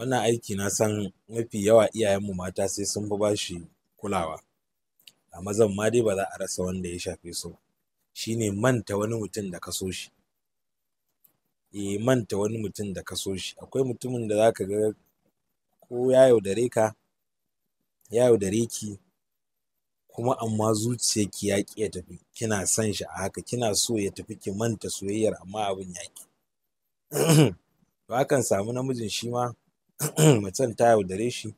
wannan aiki na san mafi yawa iyayenmu mata sai sun fi bashi kulawa a mazan ma dai ba za a rasa wanda ya shafe su ba shine manta wani mutum da ka shi e manta wani mutum da ka shi akwai mutumin da zaka ga ko ya yaudare ka ya yaudare ki kuma amma zuciyarki ya ƙi ya tafi kina son shi a haka kina so ya tafi ki manta soyayyar amma abin ya ƙi to akan samu namijin shi ma mutum ta yaudare shi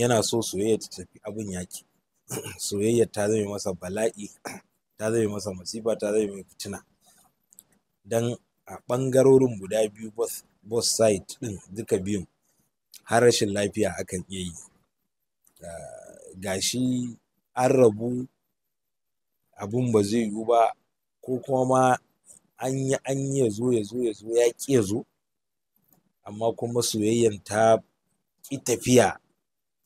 yana so soyayya ta tafi abin yaki soyayya ta zame masa bala'i ta zame masa masifa ta zame mai fitina don a ɓangarorin guda biyu both side ɗin duka biyun har rashin lafiya akan iya yi ah, ga shi an rabu abun ba zai yiwu ba ko kuma ma an yi ya zo ya zo ya zo ya ƙi ya zo amma kuma soyayyan ta ƙi tafiya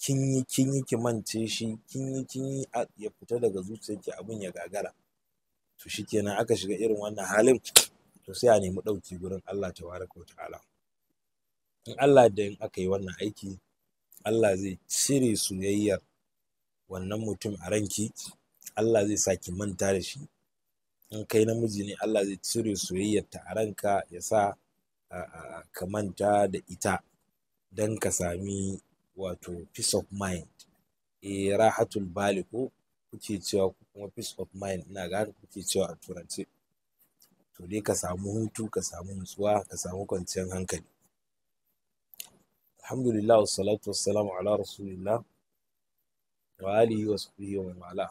kin yi ki mance shi kin yi kin yi ya fita daga zuciyarki abin ya gagara to shikenan aka shiga irin wannan halin to sai a nemi ɗauki gurin Allah tabaraka ta'ala in Allah da in aka yi wannan aiki Allah zai cire soyayyar wannan mutum a ranki Allah zai sa ki manta da shi in kai namiji ne Allah zai cire soyayyar ta a ranka ya sa ka manta da ita don ka sami wato peace of mind e rahatul baliku ko kuke cewa kuma peace of mind ina ga haka kuke cewa a turance to dai ka samu hutu ka samu nutsuwa ka samu kwanciyar hankali alhamdulillah wassalatu wassalamu ala rasulillah wa alihi wa sahbihi wa mala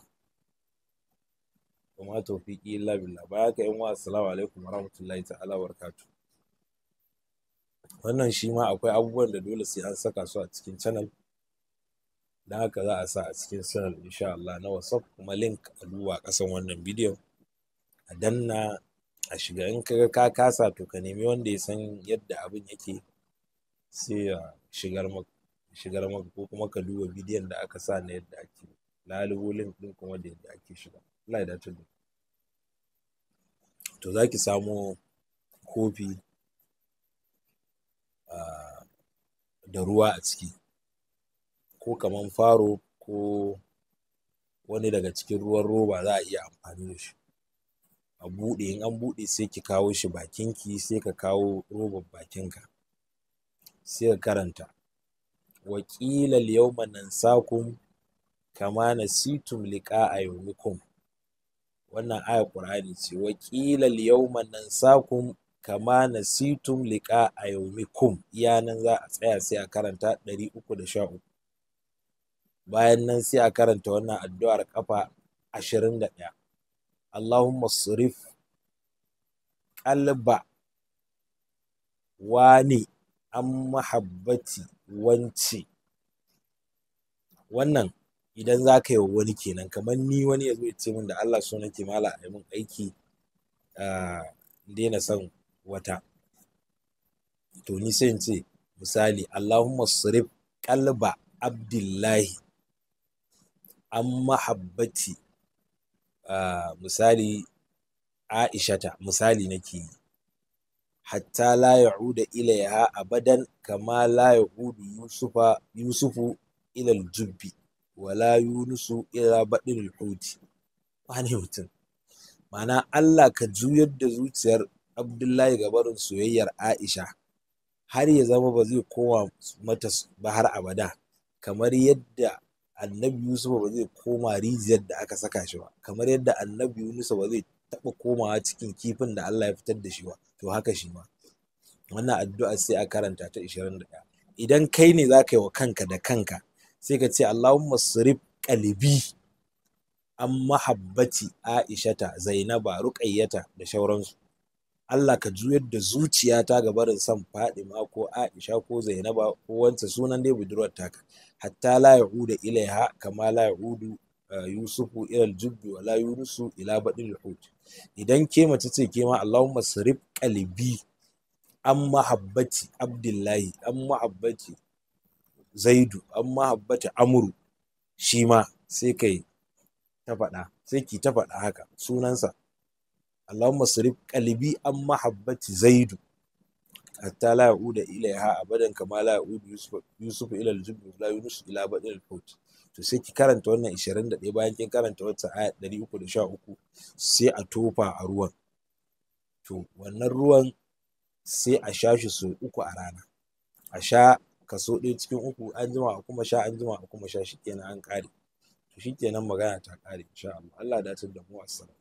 kuma wa ma tawfiqi illa billah bayaka yan wa assalamu alaikum wa rahmatullahi ta'ala wa barakatuh wannan shi ma akwai abubuwan da dole sai an saka su a cikin channel don haka za a sa a cikin channel insha Allah na whatsapp kuma link a duba ƙasan wannan bidiyon a danna a shiga in kaga ka kasa to ka nemi wanda ya san yadda abin yake sai ya shigar maka shigar maka ko kuma ka duba bidiyon da aka sa na yadda ake lalubo link din kuma da yadda ake shiga Allah ya dace to zaki samo kofi da ruwa a ciki ko kaman faro ko wani daga cikin ruwan roba za a iya amfani da shi a buɗe in an buɗe sai ki kawo shi bakin bakinki sai ka kawo robar bakinka sai ka karanta wa ƙila yawma nansakum kama nasitum a yawmikum wannan aya ƙur'ani ce wa ƙila yawma nansakum kama nasitum liƙa a yaumikum iya nan za a tsaya sai a karanta ɗari 313 bayan nan sai a karanta wannan addu'ar kafa ɗaya. Allahumma surif ƙalba wani an mahabbati wance wannan idan za ka yi wa wani kenan kamar ni wani ya zo ya ce min da Allah so nake mala a yi min aiki daina son wata to ni sai ce misali Allahumma sirif kalba abdullahi an mahabbati uh, misali aishata misali nake yi hatta la ya'uda ilaiha abadan kama la ya'udu yusufa yusufu ila aljubbi wala yunusu ila badil huti wani mutum Mana Allah ka juyar da zuciyar abdullahi ga barin soyayyar aisha har ya zama ba zai koma mata ba har abada kamar yadda annabi yusuf ba zai koma rijiyar da aka saka shi ba kamar yadda annabi yunus ba zai taba komawa cikin kifin da allah ya fitar da shi ba to haka shi ma wannan addu'a sai a karanta ta 21 idan kai ne za ka yi wa kanka da kanka sai ka ce allahumma sirif kalibi an mahabbati ta zainaba ruƙayyata da shauransu Allah ka juyar da zuciyata ga barin san Fadima ko Aisha ko Zainaba ko wancan sunan dai budurwar taka hatta la yauda ilaiha kama la yaudu eh, yusufu ilal wa la yunusu ila badil hut idan ke mace ce ke ma Allahumma sarif qalbi an mahabbati Abdullahi an mahabbati Zaidu an mahabbati Amru shi ma sai kai ta faɗa sai ki ta faɗa haka sunansa Allahumma sarif qalbi an mahabbati zaidu hatta la yauda ilaiha abadan kama la yaudu yusuf yusuf ila al-jubn la yunus ila badil to sai ki karanta wannan 21 bayan kin karanta wata aya 313 sai a tofa a ruwan to wannan ruwan sai a sha shi sau uku a rana a sha kaso ɗaya cikin uku an jima a kuma sha an jima a kuma sha shi shikenan an ƙare to shikenan magana ta ƙare insha Allah Allah da dace da mu assalamu